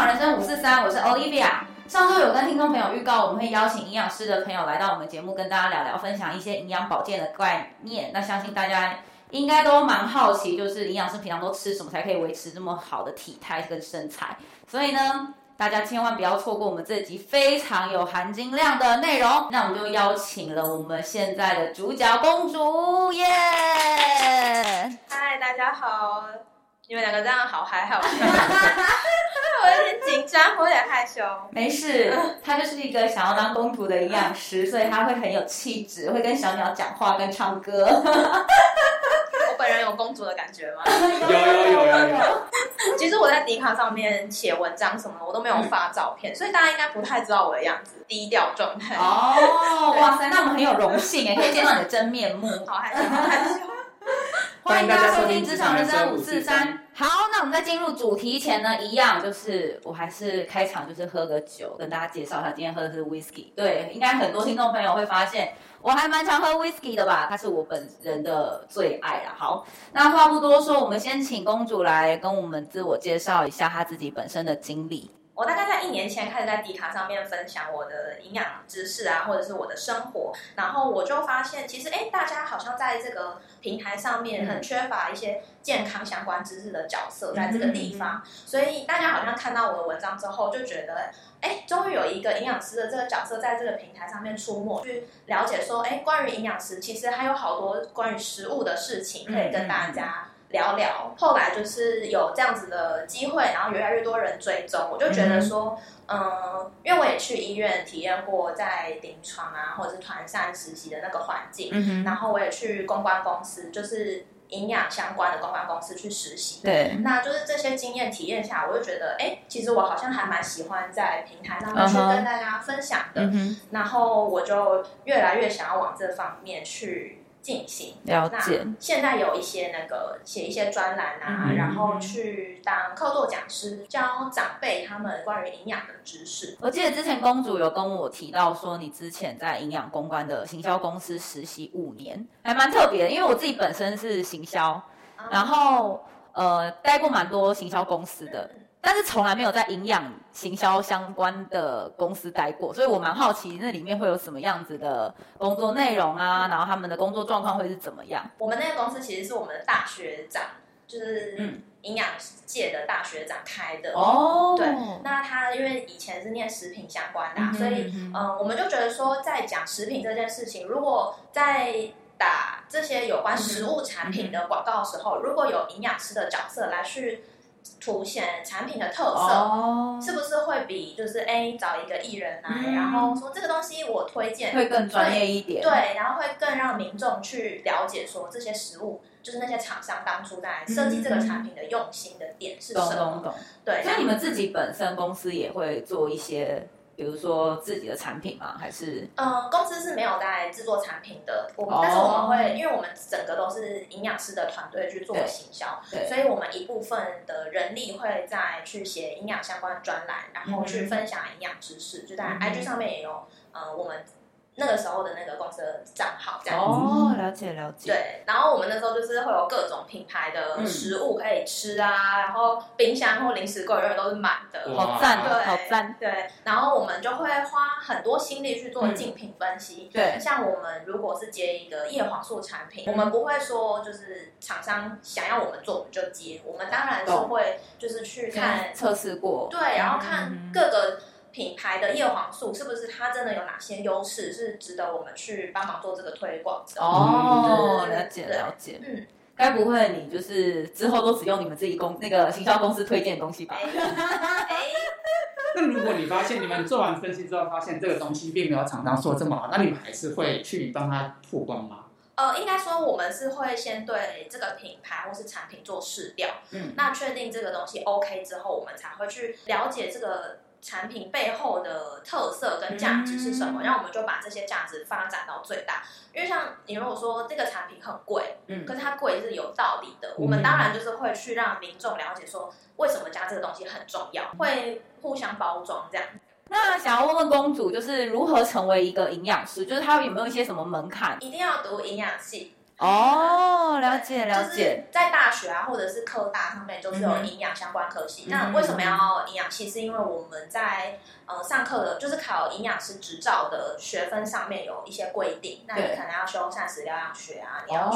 《人生五四三》，我是 Olivia。上週有跟聽眾朋友預告，我們會邀請營養師的朋友來到我們節目，跟大家聊聊，分享一些營養保健的概念。那相信大家應該都蠻好奇，就是營養師平常都吃什麼，才可以維持這麼好的體態跟身材？所以呢，大家千萬不要錯過我們這集非常有含金量的內容。那我們就邀請了我們現在的主角公主，耶！嗨，大家好，你們兩個這樣好嗨，還好！ 我有點緊張，我有點害羞。沒事，他就是一個想要當公主的營養師，所以他會很有氣質，會跟小鳥講話，跟唱歌。 我本人有公主的感覺嗎？有有有有。其實我在迪卡上面寫文章什麼，我都沒有發照片，嗯、所以大家應該不太知道我的樣子，低調狀態。哦、oh, 對，哇塞，那我們很有榮幸 可以見到你的真面目。好，害羞，好害羞歡迎大家收聽《職場人生五四三》。好，那我們在進入主題前呢，一樣就是我還是開場就是喝個酒，跟大家介紹一下，今天喝的是 whisky。對，應該很多聽眾朋友會發現，我還蠻常喝 whisky 的吧？他是我本人的最愛啦。好，那話不多說，我們先請公主來跟我們自我介紹一下她自己本身的經歷。我大概在一年前開始在 Dcard 上面分享我的營養知識啊，或者是我的生活，然後我就發現，其實哎、欸，大家好像在這個平台上面很缺乏一些健康相關知識的角色在這個地方，所以大家好像看到我的文章之後就覺得，哎、欸，終於有一個營養師的這個角色在這個平台上面出沒，去了解說，哎、欸，關於營養師，其實還有好多關於食物的事情可以跟大家。聊聊，後來就是有這樣子的機會，然後越來越多人追蹤，我就覺得說，嗯、呃，因為我也去醫院體驗過在臨床啊，或者是團散實習的那個環境，嗯、哼然後我也去公關公司，就是營養相關的公關公司去實習，對，那就是這些經驗體驗下來，我就覺得，哎、欸，其實我好像還蠻喜歡在平台上面去跟大家分享的，嗯、哼然後我就越來越想要往這方面去。進行了解。現在有一些那個寫一些專欄啊，嗯嗯嗯，然後去當客座講師，教長輩他們關於營養的知識。我記得之前公主有跟我提到說，你之前在營養公關的行銷公司實習五年，還蠻特別的，因為我自己本身是行銷，然後呃待過蠻多行銷公司的。但是從來沒有在營養行銷相關的公司待過，所以我蠻好奇那裡面會有什麼樣子的工作內容啊，然後他們的工作狀況會是怎麼樣？我們那個公司其實是我們的大學長，就是營養界的大學長開的、嗯、對哦。對，那他因為以前是念食品相關的、啊，嗯、哼哼，所以嗯、呃，我們就覺得說，在講食品這件事情，如果在打這些有關食物產品的廣告的時候，嗯嗯、如果有營養師的角色來去。凸顯產品的特色，是不是會比就是 A、欸、找一個藝人來，嗯、然後說這個東西我推薦，會更專業一點，對，對，然後會更讓民眾去了解說這些食物，就是那些廠商當初在設計這個產品的用心的點是什麼？懂懂、嗯、懂，懂懂對。那你們自己本身公司也會做一些。比如說自己的產品嗎、啊？還是、呃？公司是沒有在制作產品的，我們、oh. 但是我們會，因為我們整個都是營養師的團隊去做行銷，對對所以我們一部分的人力會再去寫營養相關專欄，然後去分享營養知識，mm hmm. 就在 IG 上面也有，呃、我們。那個時候的那個公司的賬號這樣子哦，了解了解。對，然後我們那時候就是會有各種品牌的食物可以吃啊，嗯、然後冰箱或零食櫃都是滿的，好贊、啊，對，哦、好贊，對。然後我們就會花很多心力去做競品分析，嗯、對，對，像我們如果是接一個葉黃素產品，我們不會說就是廠商想要我們做我們就接，我們當然是會就是去看測試過，嗯、對，然後看各個。品牌的葉黃素是不是它真的有哪些優勢是值得我們去幫忙做這個推廣的？哦，了解了解，嗯對，該不會你就是之後都只用你們自己公那個行銷公司推薦的東西吧？哎哎、 那如果你發現你們做完分析之後，發現這個東西並沒有廠商做的這麼好，那你們還是會去幫他曝光嗎？呃，應該說我們是會先對這個品牌或是產品做試調，嗯，那確定這個東西 OK 之後，我們才會去了解這個。產品背後的特色跟價值是什麼？那、嗯、我們就把這些價值發展到最大。因為像你如果說這個產品很貴，嗯，可是它貴是有道理的。嗯、我們當然就是會去讓民眾了解說為什麼加這個東西很重要，會互相包裝這樣。那想要問問公主，就是如何成為一個營養師？就是她有沒有一些什麼門檻？一定要讀營養系。嗯、哦，了解了解，在大學啊，或者是科大上面，都是有營養相關科系。嗯、那為什麼要營養系？是因為我們在呃上課的，就是考營養師執照的學分上面有一些規定。對那你可能要修膳食療養學啊，哦、你要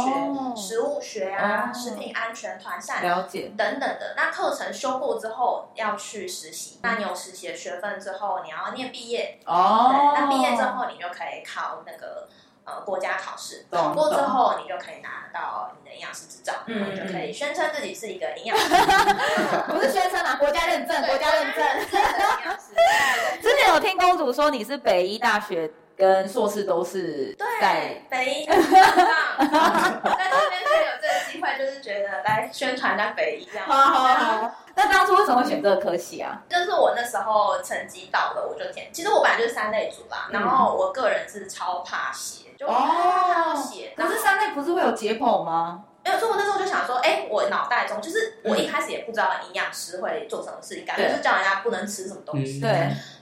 學食物學啊，哦、食品安全善、團膳了解等等的。那課程修過之後要去實習，那你有實習的學分之後，你要念畢業哦。那畢業之後，你就可以考那個。呃、國家考試通過之後，你就可以拿到你的營養師執照，嗯、你就可以宣稱自己是一個營養師，不是宣稱啊，國家認證，國家認證。對對對，之前有聽公主說你是北醫大學跟碩士都是在，對，北醫 就是覺得來宣傳一下肥這樣。好好好，那當初為什麼會選這個科系啊？就是我那時候成績到了，我就填。其實我本來就是三類組啦，然後我個人是超怕血，就血。可是三類不是會有解剖嗎？沒有，所以我那時候就想說，哎，我腦袋中就是我一開始也不知道營養師會做什麼事情，感覺是叫人家不能吃什麼東西。對。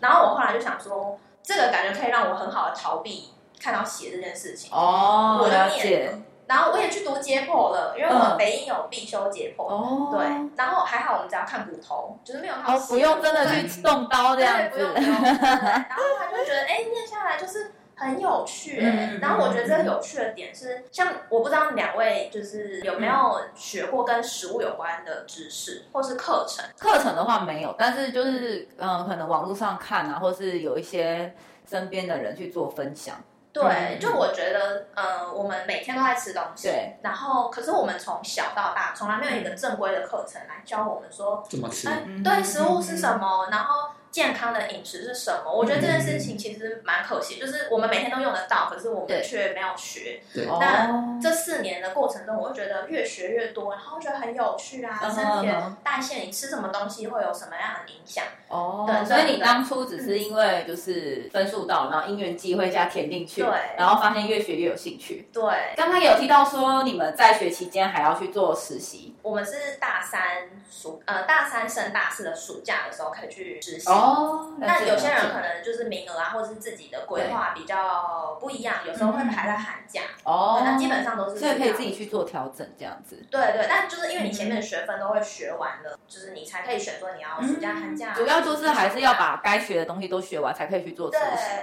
然後我後來就想說，這個感覺可以讓我很好的逃避看到血這件事情。哦，我了解。然後我也去讀解剖了，因為我們北醫有必修解剖，嗯、對。然後還好，我們只要看骨頭，就是沒有好哦，不用真的去動刀這樣子，嗯。不用。不用 然後他就覺得，哎，念下來就是很有趣，欸。嗯嗯嗯。然後我覺得這個有趣的點是，像我不知道你兩位就是有沒有學過跟食物有關的知識，或是課程？課程的話沒有，但是就是嗯、呃，可能網絡上看啊，或是有一些身邊的人去做分享。對，就我覺得，呃，我們每天都在吃東西，對然後可是我們從小到大，從來沒有一個正規的課程來教我們說怎麼吃，嗯、對，食物是什麼，然後。健康的飲食是什麼？我覺得這件事情其實蠻可惜，嗯、就是我們每天都用得到，可是我們卻沒有學。對。那這四年的過程中，我會覺得越學越多，然後我覺得很有趣啊。嗯、身體代謝，嗯、你吃什麼東西會有什麼樣的影響？哦。等等，所以你當初只是因為就是分數到，嗯、然後因緣際會一下填進去，對。然後發現越學越有興趣。對。剛剛有提到說，你們在學期間還要去做實習。我們是大三暑，呃，大三升大四的暑假的時候可以去實習。哦，那有些人可能就是名額啊，或者是自己的規劃比較不一樣，對有時候會排在寒假。哦、嗯嗯，那基本上都是這，所以可以自己去做調整，這樣子。對對，但就是因為你前面的學分都會學完了，嗯、就是你才可以選說你要暑假寒假。嗯、寒假主要就是還是要把該學的東西都學完，才可以去做實習。對，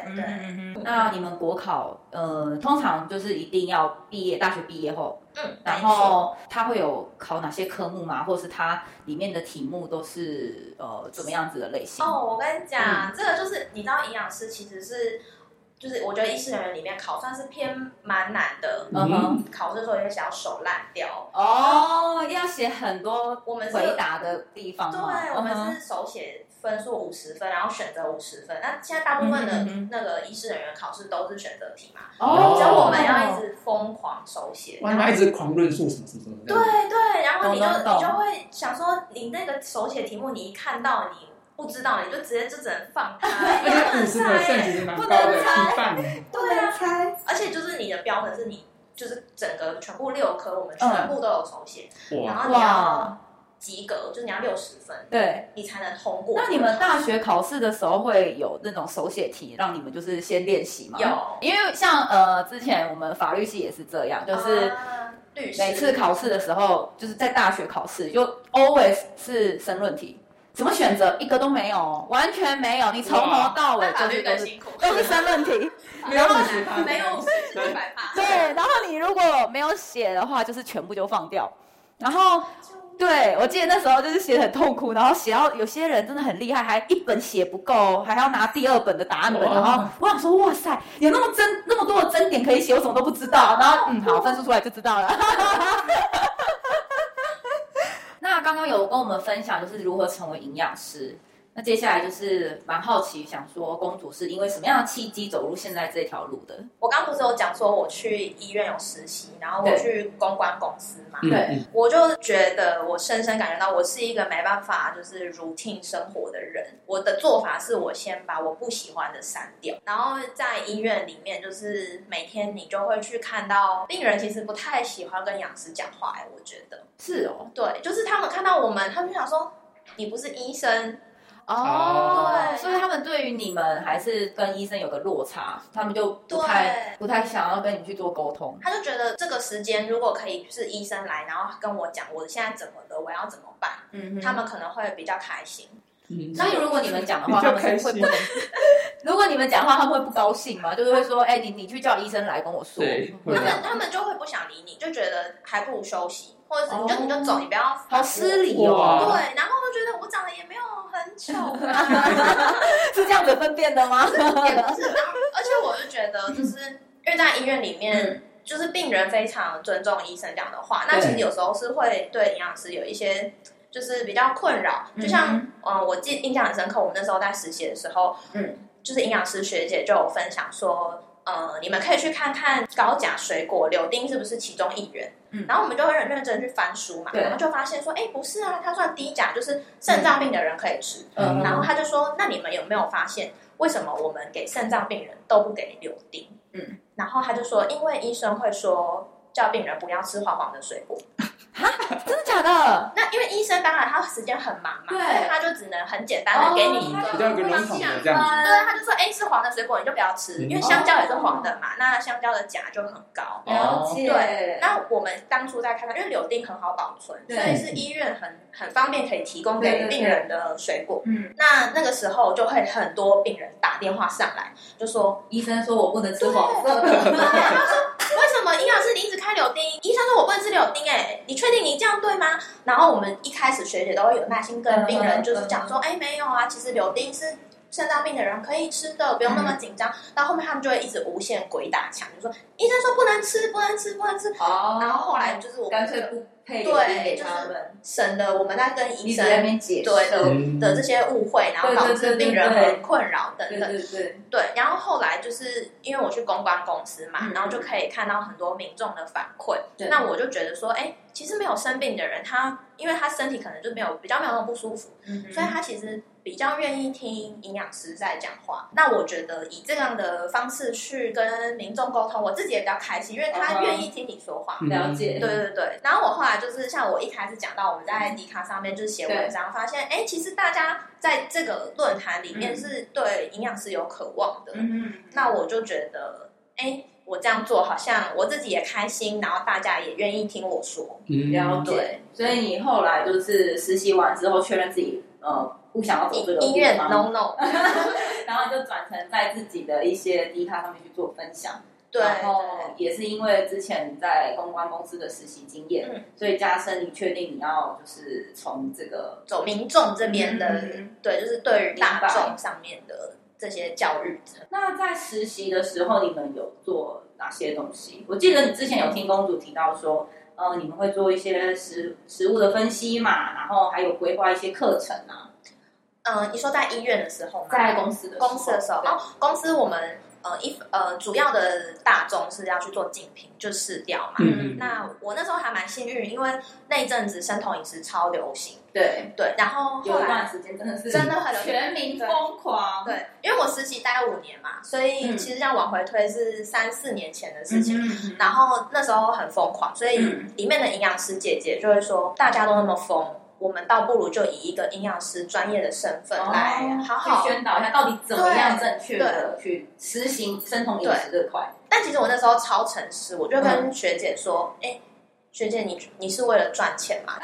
嗯嗯嗯嗯，那你們國考，呃，通常就是一定要畢業，大學畢業後。嗯，然後它會有考哪些科目嗎？或是它裡面的題目都是呃怎麼樣子的類型？哦，我跟你講，嗯、這個就是你知道營養師其實是，就是我覺得醫師人員裡面考算是偏蠻難的，嗯哼，考試的時候也會想要手爛掉。嗯、後哦，要寫很多我們回答的地方。對，我們是手寫。分數五十分，然後選擇五十分。那現在大部分的那個醫師人員考試都是選擇題嘛？哦，只有我們要一直瘋狂手寫，然後要一直狂論述什麼什麼，對對，然後你就你就會想說，你那個手寫題目，你一看到你不知道，你就直接就只能放開。 而且五十分算其實蠻高的， 不能猜，對啊、不能猜。對，而且就是你的標準是你就是整個全部六科，我們全部都有手寫，嗯、然後你要。及格就是你要六十分，對，你才能通過。那你們大學考試的時候會有那種手寫題，讓你們就是先練習嗎？有，因為像呃，之前我們法律系也是這樣，就是每次考試的時候，就是在大學考試就 always 是申論題，怎麼選擇一個都沒有，完全沒有，你從頭到尾都是都是申論題，沒有，沒有，對，然後你如果沒有寫的話，就是全部就放掉，然後。對，我記得那時候就是寫得很痛苦，然後寫到有些人真的很厲害，還一本寫不夠，還要拿第二本的答案本。然後我想說，哇塞，有那麼真那麼多的真點可以寫，我什麼都不知道。然後，嗯，好，分數出來就知道了。 那剛剛有跟我們分享，就是如何成為營養師。那接下來就是蠻好奇，想說公主是因為什麼樣的契機走入現在這條路的？我剛剛不是有講說我去醫院有實習，然後我去公關公司嘛？對，對 我就覺得我深深感覺到我是一個沒辦法就是 routine 生活的人。我的做法是我先把我不喜歡的刪掉。然後在醫院裡面，就是每天你就會去看到病人，其實不太喜歡跟養師講話。哎，我覺得是哦，對，就是他們看到我們，他們就想說你不是醫生。哦，對。所以他們對於你們還是跟醫生有個落差，他們就不太不太想要跟你去做溝通。他就覺得這個時間如果可以是醫生來，然後跟我講我現在怎麼了，我要怎麼辦，嗯，他們可能會比較開心。那如果你們講的話，他們會不會？如果你們講話，他們會不高興嗎？就是會說，哎，你你去叫醫生來跟我說。他們他們就會不想理你，就覺得還不如休息。或你就，哦，你就走，你不要好失禮哦。啊，對，然後我覺得我長得也沒有很醜。啊， 是這樣子分辨的嗎？ 也不是。而且我就覺得，就是因為在醫院裡面，嗯，就是病人非常尊重醫生講的話，嗯，那其實有時候是會對營養師有一些就是比較困擾。就像，嗯哼呃，我記印象很深刻，我那時候在實習的時候，嗯，就是營養師學姐就有分享說。呃，你們可以去看看高鉀水果，柳丁是不是其中一員？嗯，然後我們就會很認真去翻書嘛，對然後就發現說，哎、欸，不是啊，它算低鉀，就是腎臟病的人可以吃、嗯嗯。然後他就說，那你們有沒有發現，為什麼我們給腎臟病人都不給柳丁？嗯，然後他就說，因為醫生會說，叫病人不要吃黃黃的水果。啊，真的假的？那因為醫生當然他時間很忙嘛，對，所以他就只能很簡單的給你一個比較籠統的這樣。對，他就說，哎，是黃的水果你就不要吃，因為香蕉也是黃的嘛，那香蕉的鉀就很高。了解。對，那我們當初在看，因為柳丁很好保存，所以是醫院很很方便可以提供給病人的水果。嗯。那那個時候就會很多病人打電話上來，就說醫生說我不能吃黃的。他說，為什麼營養師你一直開柳丁？醫生說我不能吃柳丁，哎，你確。你這樣對嗎？然後我們一開始學姐都會有耐心跟病人就是講說，哎、嗯嗯欸，沒有啊，其實柳丁是腎臟病的人可以吃的，不用那麼緊張。嗯、到後面他們就會一直無限鬼打牆，就說醫生說不能吃，不能吃，不能吃。哦。然後後來就是我乾脆不配對，就是省了我們在跟醫生對，解釋的這些誤會，然後導致病人很困擾等等。對對對，對，對。然後後來就是因為我去公關公司嘛，然後就可以看到很多民眾的反饋，嗯、那我就覺得說，哎、欸。其實沒有生病的人，他因為他身體可能就沒有比較沒有那麼不舒服，嗯、哼所以他其實比較願意聽營養師在講話。那我覺得以這樣的方式去跟民眾溝通，我自己也比較開心，因為他願意聽你說話。了解、嗯哼，對對對。然後我後來就是像我一開始講到，我們在迪卡上面就是寫文章，對發現哎，其實大家在這個論壇裡面是對營養師有渴望的。嗯哼那我就覺得哎。我這樣做好像我自己也開心，然後大家也願意聽我說，後、嗯、解對，所以你後來就是實習完之後確認自己呃不想要走這個醫院 No no 然後就轉成在自己的一些 Dcard 上面去做分享。對，然後也是因為之前在公關公司的實習經驗，對所以加深你確定你要就是從這個走民眾這邊的，嗯、對，就是對於大眾上面的。這些教育者。那在實習的時候，你們有做哪些東西？我記得你之前有聽公主提到說，呃，你們會做一些食食物的分析嘛，然後還有規劃一些課程啊。嗯、呃，你說在醫院的時候，在公司的公司的時候，的時候哦，公司我們。呃，一呃，主要的大眾是要去做競品，就試掉嘛。嗯、那我那時候還蠻幸運，因為那一陣子生酮飲食超流行，嗯、對對。然後，後來有一段時間真的是真的很全民瘋狂，瘋狂對。因為我實習待五年嘛，所以其實要往回推是三四年前的事情。嗯、然後那時候很瘋狂，所以裡面的營養師姐姐就會說，大家都那麼瘋。我們倒不如就以一個營養師專業的身份來去好好、哦哎、宣導一下，到底怎麼樣正確的去實行生酮飲食這塊。但其實我那時候超誠實，我就跟學姐說：“哎、嗯欸，學姐你，你你是為了賺錢嗎？”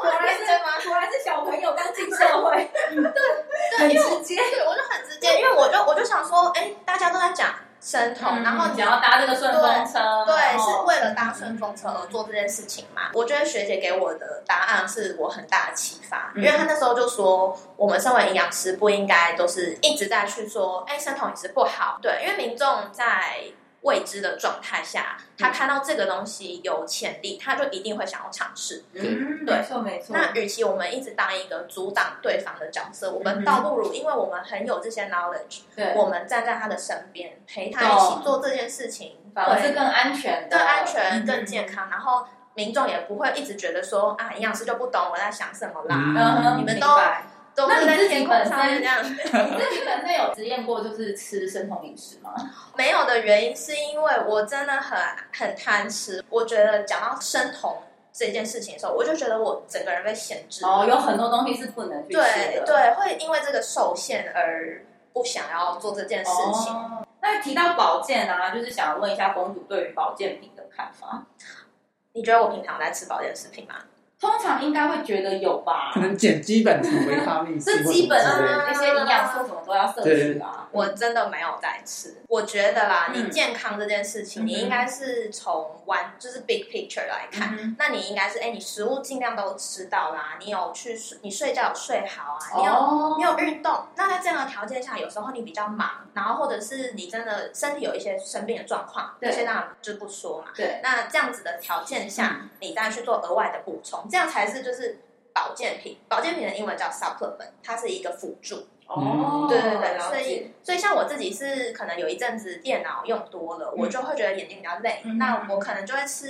我還、啊啊、是我還是小朋友剛進社會，對，很直接，我就很直接，然因為我就我就想說，哎、欸，大家都在講。生酮。嗯、然後你只只要搭這個順風車，對，然後，對，是為了搭順風車而做這件事情嘛？嗯、我覺得學姐給我的答案是我很大的啟發，嗯、因為她那時候就說，我們身為營養師不應該都是一直在去說，哎，生酮飲食不好，對，因為民眾在。未知的狀態下，他看到這個東西有潛力，他就一定會想要嘗試。嗯，對，嗯、沒錯沒錯。那與其我們一直當一個阻擋對方的角色，我們倒不如，因為我們很有這些 knowledge，對我們站在他的身邊，陪他一起做這件事情，反而是更安全的、更安全、更健康。嗯、然後民眾也不會一直覺得說啊，營養師就不懂我在想什麼啦。嗯、你們都。那你自己本身在上面這樣 你那你本身有實驗過，就是吃生酮飲食嗎？沒有的原因是因為我真的很很貪吃，我覺得講到生酮這件事情的時候，我就覺得我整個人被限制。哦，有很多東西是不能去吃的。對，對，會因為這個受限而不想要做這件事情。哦，那提到保健啊，就是想問一下公主對於保健品的看法。你覺得我平常在吃保健食品嗎？通常應該會覺得有吧？可能減基本成維他命，這 基本上那些營養素，什麼都要攝取啦、啊。對對對對我真的沒有在吃。我覺得啦，嗯、你健康這件事情，嗯、你應該是從玩就是 big picture 來看。嗯嗯，那你應該是，哎，你食物盡量都吃到啦。你有去睡，你睡覺睡好啊。你有、哦、你有運動。那在這樣的條件下，有時候你比較忙，然後或者是你真的身體有一些生病的狀況，這些當然就不說嘛。對。那這樣子的條件下，嗯、你再去做額外的補充。這樣才是就是，保健品，保健品的英文叫 supplement，它是一個輔助。哦，對對的對，解所以所以像我自己是可能有一陣子電腦用多了，嗯、我就會覺得眼睛比較累，那、嗯嗯、我可能就會吃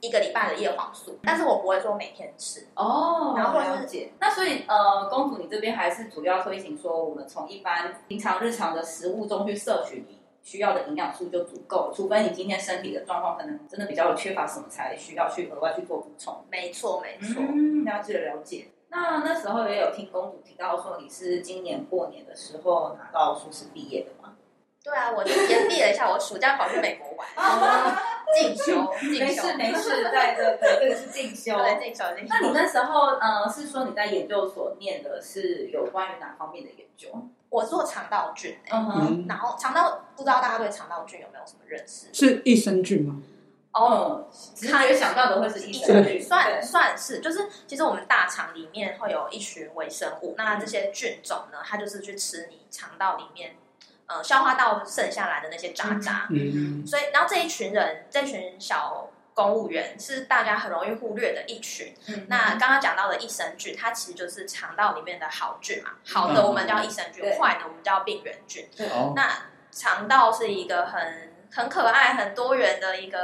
一個禮拜的葉黃素，嗯、但是我不會說每天吃。哦，然後是了解。那所以呃，公主你這邊還是主要推行說，我們從一般平常日常的食物中去攝取你需要的營養素就足夠，除非你今天身體的狀況可能真的比較有缺乏什麼，才需要去額外去做補充。沒錯，沒錯，嗯，要記得了解。那那時候也有聽公主提到說，你是今年過年的時候拿到碩士畢業的嗎？對啊，我就延畢了一下， 我暑假跑去美國玩。 進修，沒事沒事，對對對，這是進修。那你那時候，呃，是說你在研究所念的是有關於哪方面的研究？我做腸道菌，嗯，然後腸道不知道大家對腸道菌有沒有什麼認識？是益生菌嗎？哦，他有想到的會是益生菌，算算是，就是其實我們大腸裡面會有一群微生物，那這些菌種呢，它就是去吃你腸道裡面。嗯、消化道剩下來的那些渣渣，嗯嗯、所以，然後這一群人，這群小公務員是大家很容易忽略的一群。嗯、那剛剛講到的益生菌，它其實就是腸道裡面的好菌嘛，好的、嗯、我們叫益生菌，壞對的我們叫病原菌。對對那腸道是一個很很可愛、很多元的一個。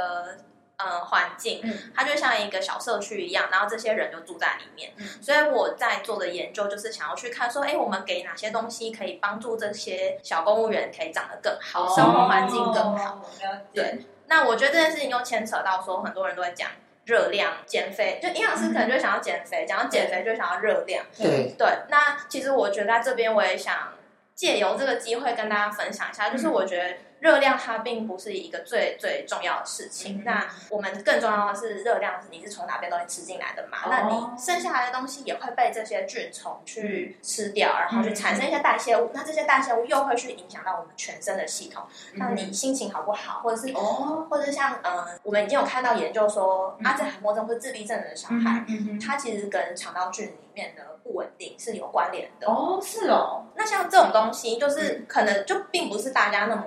嗯，環境，它就像一個小社區一樣，然後這些人就住在裡面。所以我在做的研究就是想要去看，說，哎，我們給哪些東西可以幫助這些小公務員可以長得更好，生活環境更好。哦哦、對，那我覺得這件事情又牽扯到說，很多人都在講熱量、減肥，就營養師可能就想要減肥，講到、嗯、減肥就想要熱量。嗯、對，那其實我覺得在這邊我也想借由這個機會跟大家分享一下，就是我覺得。熱量它並不是一個最最重要的事情，那我們更重要的是熱量你是從哪邊東西吃進來的嘛？那你剩下來的東西也會被這些菌蟲去吃掉，然後去產生一些代謝物，那這些代謝物又會去影響到我們全身的系統，那你心情好不好，或者是哦，或者像嗯，我們已經有看到研究說，阿茲海默症或自閉症的小孩，他其實跟腸道菌裡面的不穩定是有關聯的哦，是哦，那像這種東西就是可能就並不是大家那麼。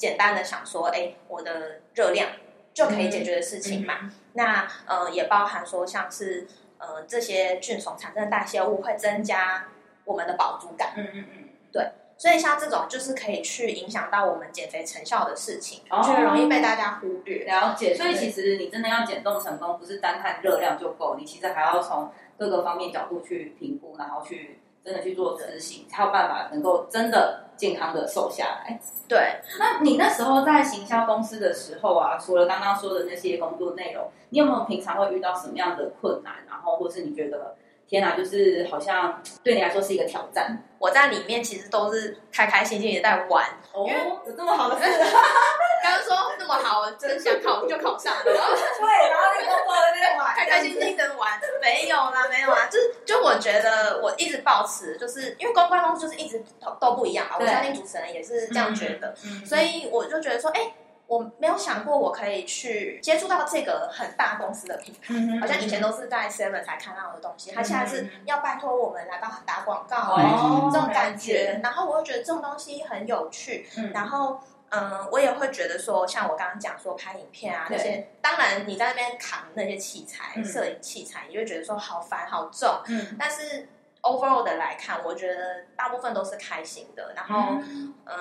簡單的想說，欸、我的熱量就可以解決的事情嘛？嗯嗯、那呃，也包含說像是呃，這些菌叢產生的代謝物會增加我們的飽足感。嗯嗯嗯，嗯對，所以像這種就是可以去影響到我們減肥成效的事情，哦、就容易被大家忽略。了解，所以其實你真的要減重成功，不是單看熱量就夠，嗯、你其實還要從各個方面角度去評估，然後去。真的去做執行，才有辦法能夠真的健康的瘦下來。對，那你那時候在行銷公司的時候啊，除了剛剛說的那些工作內容，你有沒有平常會遇到什麼樣的困難？然後，或是你覺得？天哪，就是好像對你來說是一個挑戰。我在裡面其實都是開開心心也在玩，哦，為有這麼好的事，剛剛呵 說那麼好，真想 考就考上了。對， 然後我在工作在玩，開開心心的玩，沒有啦，沒有啦、啊， 就是就我覺得我一直保持，就是因為公關公司就是一直都不一樣對我相信主持人也是這樣覺得，嗯、所以我就覺得說，哎、欸。我沒有想過我可以去接觸到這個很大公司的品牌，嗯、哼好像以前都是在 Seven 才看到的東西。他，嗯、哼現在是要拜托我們來幫他打廣告，哦，這種感覺。嗯、然後我會覺得這種東西很有趣。嗯、然後，嗯，我也會覺得說，像我剛剛講說拍影片啊對那些，當然你在那邊扛那些器材、嗯、攝影器材，你就會覺得說好煩、好重。嗯，但是。overall 的來看，我覺得大部分都是開心的，然後嗯，嗯，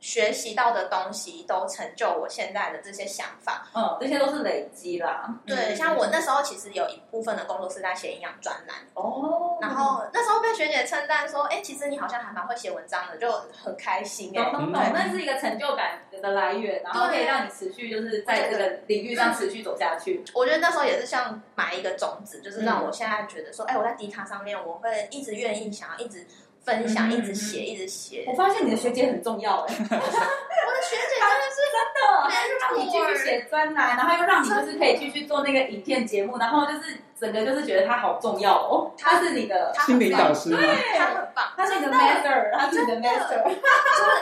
學習到的東西都成就我現在的這些想法，嗯，這些都是累積啦。對，像我那時候其實有一部分的工作是在寫營養專欄，哦、嗯，然後那時候被學姐稱讚說，哎、欸，其實你好像還蠻會寫文章的，就很開心哎、欸，懂、嗯嗯，那是一個成就感的來源，然後可以讓你持續，就是在這個領域上持續走下去。我覺得那時候也是像埋一個種子，就是讓我現在覺得說，哎，我在 Dcard 上面，我會一直願意想要一直。分享一直寫，一直寫。我發現你的學姐很重要哎、欸， 我的學姐真的是、啊、真的，讓你繼續寫專欄，然後又讓你就是可以繼續做那個影片節目，然後就是整個就是覺得她好重要哦，她他是你的心靈導師，他很棒，他是你的 master，她的是你的 master，真的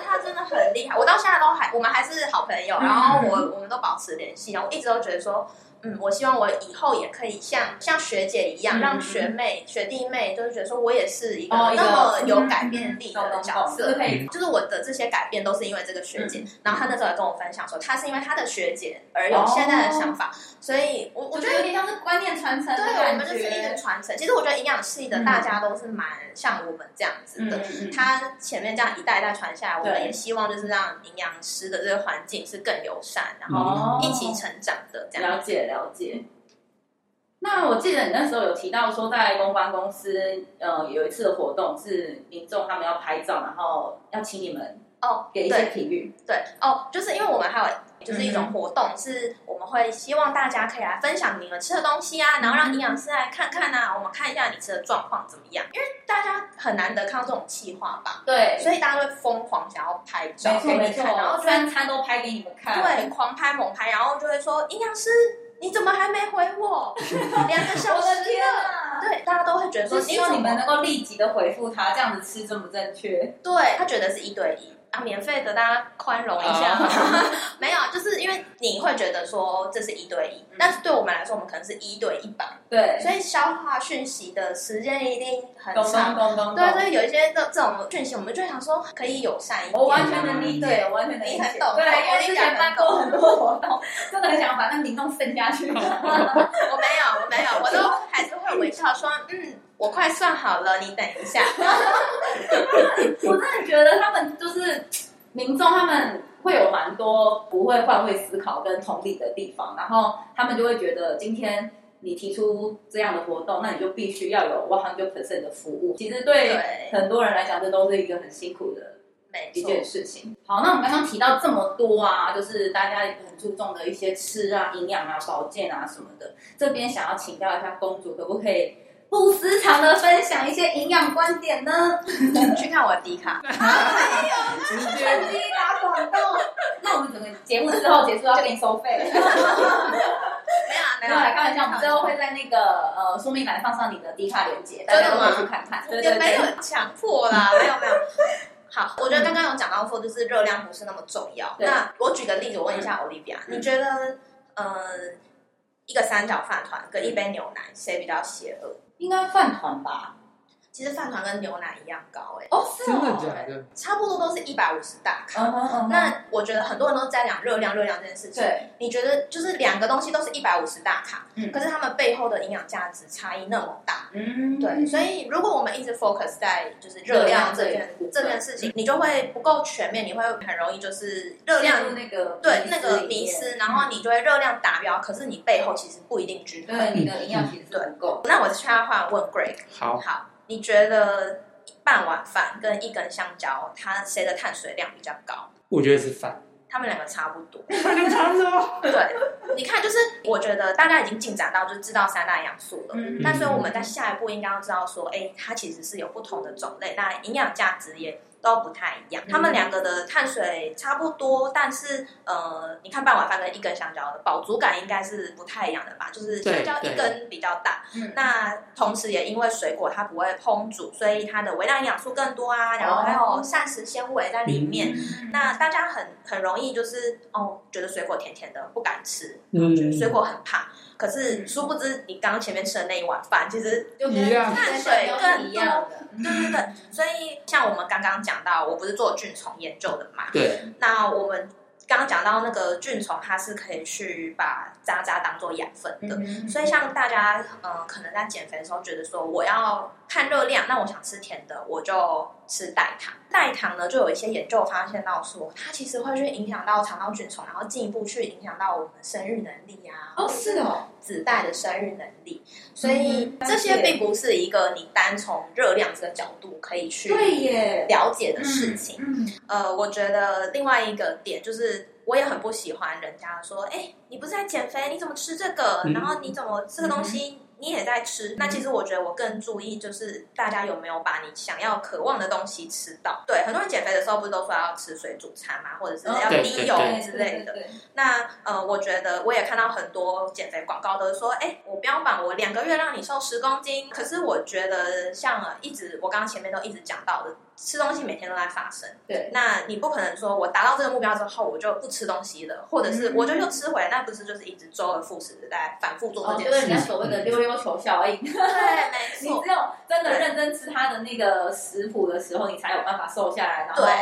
她 真，真的很厲害，我到現在都還我們還是好朋友，然後我我們都保持聯繫，然後我一直都覺得說。嗯，我希望我以後也可以像像學姐一樣，讓學妹、嗯嗯學弟妹就是覺得說，我也是一個那麼有改變力的角色，哦嗯嗯、就是我的這些改變都是因為這個學姐。嗯、然後她那時候來跟我分享說，她是因為她的學姐而有現在的想法，哦、所以我我覺得有點像是觀念傳承的感覺，對，我們就是一直傳承。其實我覺得營養系的大家都是蠻像我們這樣子的，他、嗯、前面這樣一代一代傳下來，我們也希望就是讓營養師的這個環境是更友善，然後一起成長的這樣子。哦，了解了了解。那我記得你那時候有提到說，在公關公司、呃，有一次的活動是民眾他們要拍照，然後要請你們哦給一些評語、oh, 對哦，對 oh, 就是因為我們還有就是一種活動，是我們會希望大家可以來分享你們吃的東西啊，嗯、然後讓營養師來看看啊，我們看一下你吃的狀況怎麼樣。因為大家很難得看到這種企劃吧？對，所以大家會瘋狂想要拍照給你看沒錯然後三餐都拍給你們看，對，狂拍猛拍，然後就會說營養師。你怎麼還沒回我？ 兩個小時了，啊、對，大家都會覺得說，希望你們能夠立即的回復他，這樣子吃正不正確？對，他覺得是一對一。啊，免費的，大家寬容一下。沒有，就是因為你會覺得說這是一對一，但是對我們來說，我們可能是一對一吧。對，所以消化訊息的時間一定很長。對，所以有一些的這種訊息，我們就想說可以友善一點。我完全能理解，我完全能理解。對，我之前辦過很多活動，真的很想把那名動分下去。我沒有，我沒有，我都還是會微笑說嗯。我快算好了，你等一下。 我真的覺得他們就是民眾，他們會有蠻多不會換位思考跟同理的地方，然後他們就會覺得今天你提出這樣的活動，那你就必須要有 one hundred percent 的服務。其實對很多人來講，這都是一個很辛苦的一件事情。好，那我們剛剛提到這麼多啊，就是大家很注重的一些吃啊、營養啊、保健啊什麼的。這邊想要請教一下公主，可不可以？不私藏的分享一些營養觀點呢？去看我的 Dcard，沒有手機打廣告。那我們整個節目之後結束要給你收費了？沒有，沒有來開玩笑。我們最後會在那個呃說明欄放上你的 Dcard 連結，大家都可以去看看。也沒有強迫啦，沒有沒有。好，我覺得剛剛有講到說，就是熱量不是那麼重要。那我舉個例子，我問一下奧利維亞，你覺得嗯一個三角飯糰跟一杯牛奶，誰比較邪惡？應該飯糰吧。其實飯糰跟牛奶一樣高誒，哦，是真的假的？差不多都是一百五十大卡。那我覺得很多人都在講熱量，熱量這件事情。對，你覺得就是兩個東西都是一百五十大卡，嗯，可是他們背後的營養價值差異那麼大，嗯，對。所以如果我們一直 focus 在就是熱量這件這件事情，你就會不夠全面，你會很容易就是熱量那個對那個迷思，然後你就會熱量達標，可是你背後其實不一定均衡，你的營養品質對。那我接下來問 Greg，好。你覺得半碗飯跟一根香蕉，它誰的碳水量比較高？我覺得是飯。它們兩個差不多。差不多。對，你看，就是我覺得大家已經進展到就知道三大營養素了。但、嗯嗯、所以我們在下一步應該要知道說，哎、欸，它其實是有不同的種類，那營養價值也。都不太一樣，他們兩個的碳水差不多，但是呃，你看半碗飯跟一根香蕉的飽足感應該是不太一樣的吧？就是香蕉一根比較大，那同時也因為水果它不會烹煮，嗯、所以它的微量營養素更多啊，然後還有膳食纖維在裡面。哦、那大家很很容易就是哦，覺得水果甜甜的不敢吃，嗯、覺得水果很胖。可是，殊不知你剛剛前面吃的那一碗飯，其實就碳一樣水跟一樣的，對對對。所以，像我們剛剛講到，我不是做菌蟲研究的嘛，對，那我們。剛剛講到那個菌叢，它是可以去把渣渣當做養分的，嗯嗯嗯，所以像大家呃，可能在減肥的時候，覺得說我要看熱量，那我想吃甜的，我就吃代糖。代糖呢，就有一些研究發現到說，它其實會去影響到腸道菌叢，然後進一步去影響到我們生育能力啊。哦，是哦，子代的生育能力。所以這些並不是一個你單從熱量這個角度可以去對耶了解的事情。嗯嗯，呃，我覺得另外一個點就是。我也很不喜歡人家說，哎、欸，你不是在減肥，你怎麼吃這個？然後你怎麼這個東西、嗯、你也在吃？那其實我覺得，我更注意就是大家有沒有把你想要渴望的東西吃到。對，很多人減肥的時候不是都說要吃水煮餐嘛，或者是要低油之類的。哦、對對對，那呃，我覺得我也看到很多減肥廣告都是說，哎、欸，我標榜我兩個月讓你瘦十公斤。可是我覺得，像一直我剛剛前面都一直講到的。吃東西每天都在發生，對，那你不可能說我達到這個目標之後我就不吃東西了，嗯嗯，或者是我就又吃回來，那不是就是一直周而復始在，哦、的在反覆做這件事情，人家所謂的“溜溜球效應。” 對，沒錯，只有真的認真吃他的那個食譜的時候，對你才有辦法瘦下來。然後對。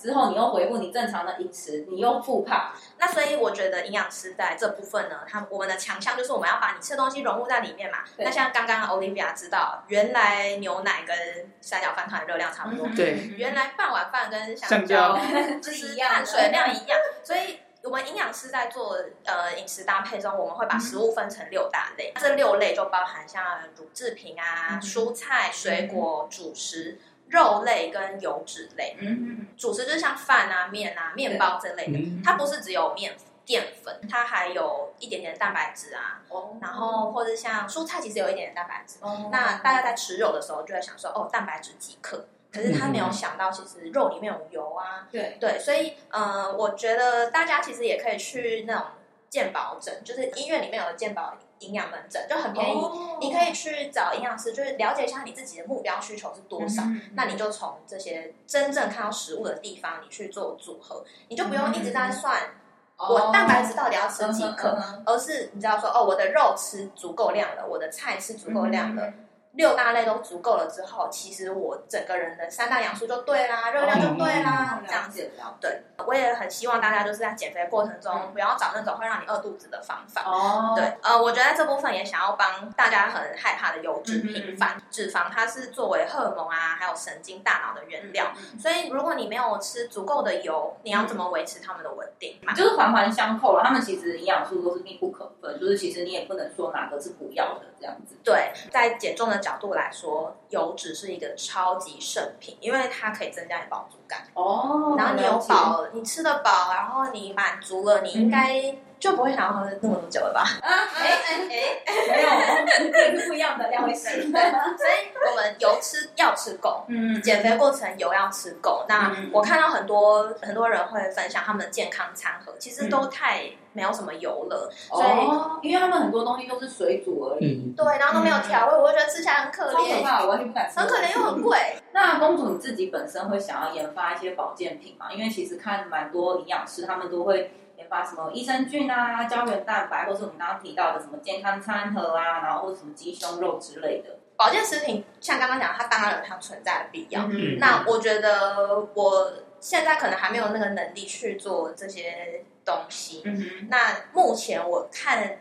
之後你又回復你正常的飲食，你又復胖。那所以我覺得營養師在這部分呢，他們我們的強項就是我們要把你吃的東西融入在裡面嘛。對那像剛剛 Olivia 知道，原來牛奶跟三角飯糰的熱量差不多，對。原來半碗飯跟香蕉上高 就是一樣，碳水量一樣。 一樣。所以我們營養師在做呃飲食搭配中，我們會把食物分成六大類，嗯、這六類就包含像乳製品啊、嗯、蔬菜、水果、主食。肉類跟油脂類，嗯嗯哼，主食就是像飯啊、麵啊、麵包這類的，對它不是只有麵粉、澱粉，它還有一點點蛋白質啊。哦，然後或者像蔬菜，其實有一點點蛋白質。哦，那大家在吃肉的時候，就會想說哦，蛋白質幾克，可是他沒有想到，其實肉裡面有油啊。對對，所以呃，我覺得大家其實也可以去那種健保診，就是醫院裡面有的健保營養門診就很便宜，oh, okay. 你可以去找營養師，就是了解一下你自己的目標需求是多少。Mm hmm, mm hmm. 那你就從這些真正看到食物的地方，你去做組合，mm hmm. 你就不用一直在算，mm hmm. 我蛋白質到底要吃幾克，oh. 而是你知道說哦，我的肉吃足夠量了，我的菜吃足夠量了。Mm hmm. 六大類都足夠了之後，其實我整個人的三大營養素就對啦，熱量就對啦，oh, mm, 這樣子也、嗯啊、對。我也很希望大家就是在減肥過程中不要找那種會讓你餓肚子的方法哦。Oh. 對，呃，我覺得這部分也想要幫大家很害怕的油脂平反、mm，hmm. 脂肪它是作為荷爾蒙啊，還有神經、大腦的原料，mm hmm. 所以如果你沒有吃足夠的油，你要怎麼維持它們的穩定嘛？就是環環相扣了，它們其實營養素都是密不可分，就是其實你也不能說哪個是不要的這樣子。對，在減重的。角度來說，油脂是一個超級聖品，因為它可以增加你飽足感。哦、oh，然後你有飽，你吃得飽，然後你滿足了，你應該，Mm hmm. 就不會想要喝那麼多酒了吧？啊，哎哎哎，沒有，不一樣的兩回事。所以我們油吃要吃夠，嗯，減肥過程油要吃夠。那我看到很多很多人會分享他們的健康餐盒，其實都太沒有什麼油了，哦，因為他們很多東西都是水煮而已，對，然後都沒有調味，我會覺得吃起來很可憐。這樣的話我完全不敢吃，很可憐又很貴。那公主你自己本身會想要研發一些保健品嗎？因為其實看蠻多營養師，他們都會。把什麼益生菌啊，膠原蛋白，或是我們剛剛提到的什麼健康餐盒啊，然後或者什麼雞胸肉之類的保健食品，像剛剛講，它當然有它存在的必要。嗯嗯，那我覺得我現在可能還沒有那個能力去做這些東西。嗯嗯，那目前我看。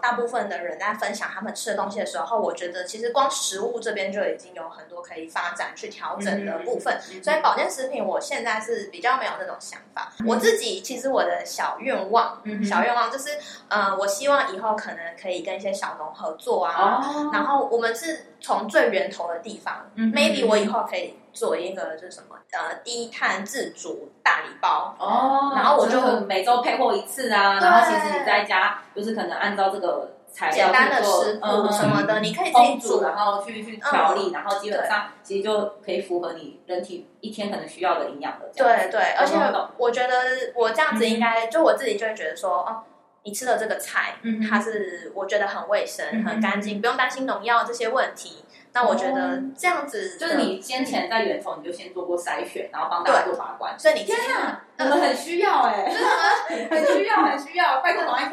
大部分的人在分享他們吃的東西的時候，我覺得其實光食物這邊就已經有很多可以發展去調整的部分。嗯嗯嗯、所以保健食品，我現在是比較沒有那種想法。嗯、我自己其實我的小願望，嗯、小願望就是，嗯、呃，我希望以後可能可以跟一些小農合作啊，哦、然後我們是從最源頭的地方。Maybe、嗯、我以後可以，做一個就什麼呃低碳自煮大禮包哦，然後我就每周配貨一次啊，然後其實你在家就是可能按照這個材料簡單的食譜呃什麼的，你可以自己煮，然後去去調理，然後基本上其實就可以符合你人體一天可能需要的營養的。對對，而且我覺得我這樣子應該，就我自己就會覺得說哦，你吃的這個菜，它是我覺得很衛生、很乾淨，不用擔心農藥這些問題。那我覺得這樣子，就是你先前在源頭你就先做過篩選，然後幫大家做把關。所以你這樣，很需要哎，真的，很需要，很需要，快點來！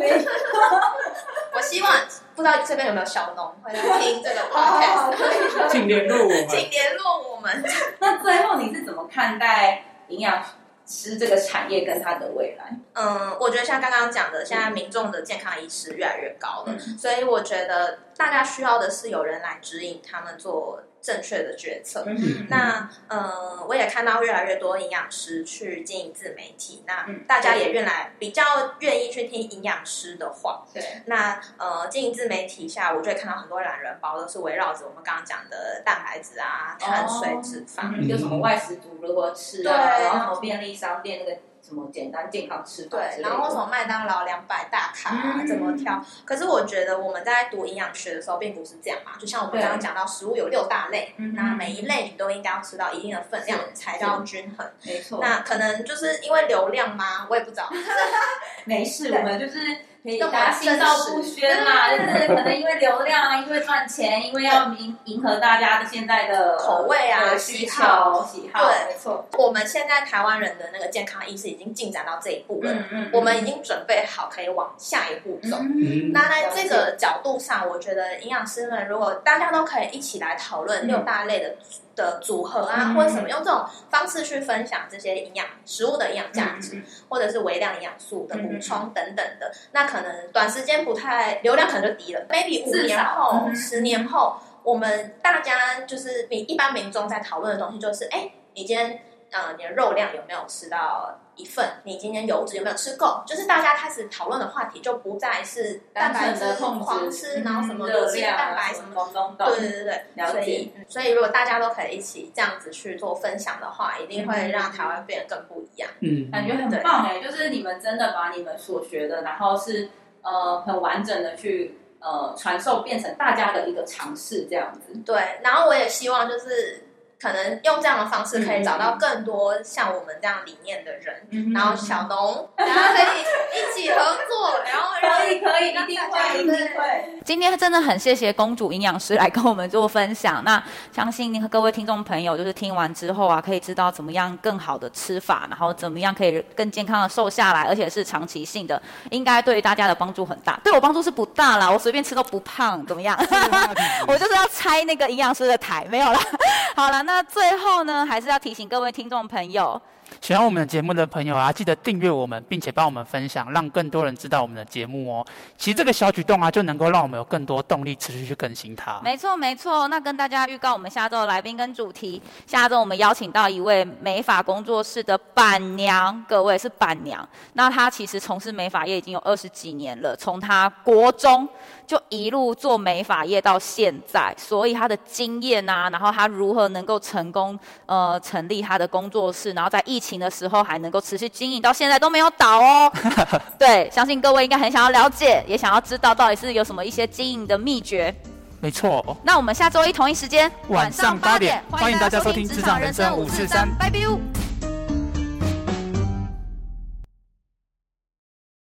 我希望不知道這邊有沒有小農會來聽這個 podcast，請聯絡我們，請聯絡我們。那最後你是怎麼看待營養？其實這個產業跟它的未來。嗯，我覺得像剛剛講的，嗯、現在民眾的健康意識越來越高了。嗯、所以我覺得大家需要的是有人來指引他們做。正確的決策。那呃，我也看到越來越多營養師去經營自媒體。那大家也越來比較願意去聽營養師的話。對。那呃，經營自媒體下，我就會看到很多懶人包，都是圍繞着我們剛剛講的蛋白質啊、碳水脂肪，oh, 有什麼外食族如何吃、啊、對，然後，然後便利商店那個。怎麼簡單健康吃對，然後從麥當勞兩百大卡，啊嗯、哼怎麼挑？可是我覺得我們在讀營養學的時候並不是這樣嘛。就像我們剛剛講到，食物有六大類，嗯、哼那每一類你都應該要吃到一定的分量，才叫均衡。沒錯，那可能就是因為流量嗎？我也不知道。 沒事，對我們就是。可以心照不宣嘛，對對對，可能因為流量啊，因為賺錢，對因為要迎迎合大家的現在的對口味啊、需求、喜好。對，喜好，沒錯。我們現在台灣人的那個健康意識已經進展到這一步了，嗯嗯嗯，我們已經準備好可以往下一步走。嗯嗯嗯嗯，那在這個角度上，我覺得營養師們如果大家都可以一起來討論六大類的。嗯嗯的組合啊，或者什麼用這種方式去分享這些營養食物的營養價值，嗯嗯或者是微量營養素的補充等等的，嗯嗯那可能短時間不太流量可能就低了。maybe、嗯嗯、少五年後、嗯嗯十年後，我們大家就是比一般民眾在討論的東西，就是哎，你今天嗯、呃，你的肉量有沒有吃到？一份，你今天油脂有沒有吃夠？就是大家開始討論的話題，就不再是蛋白質狂吃，嗯、然後什麼低量蛋白什麼東，對對對對，了解所以所以如果大家都可以一起這樣子去做分享的話，嗯、一定會讓台灣變得更不一樣。嗯，嗯感覺很棒哎、欸，對就是你們真的把你們所學的，然後是呃很完整的去呃傳授，變成大家的一個嘗試，這樣子。對，然後我也希望就是。可能用這樣的方式可以找到更多像我們這樣理念的人，嗯、然後小農，然後可以一起合作， 然後然後也可以一定會一對。今天真的很謝謝公主營養師來跟我們做分享。那相信您和各位聽眾朋友就是聽完之後啊，可以知道怎麼樣更好的吃法，然後怎麼樣可以更健康的瘦下來，而且是長期性的，應該對於大家的幫助很大。對我幫助是不大啦，我隨便吃都不胖，怎麼樣？ 我就是要拆那個營養師的台，沒有了。好了，那。那最後呢，還是要提醒各位聽眾朋友。喜歡我們的節目的朋友啊，記得訂閱我們，並且幫我們分享，讓更多人知道我們的節目哦。其實這個小舉動啊，就能夠讓我們有更多動力持續去更新它。沒錯，沒錯。那跟大家預告我們下周的來賓跟主題。下周我們邀請到一位美髮工作室的板娘，各位是板娘。那她其實從事美髮業已經有二十幾年了，從她國中就一路做美髮業到現在，所以她的經驗吶、啊，然後她如何能夠成功呃成立她的工作室，然後在疫情的時候還能夠持續經營到現在都沒有倒哦， 對，相信各位應該很想要了解，也想要知道到底是有什麼一些經營的秘訣。沒錯、哦，那我們下周一同一時間晚上八點，點歡迎大家收聽《職場人生五四三》。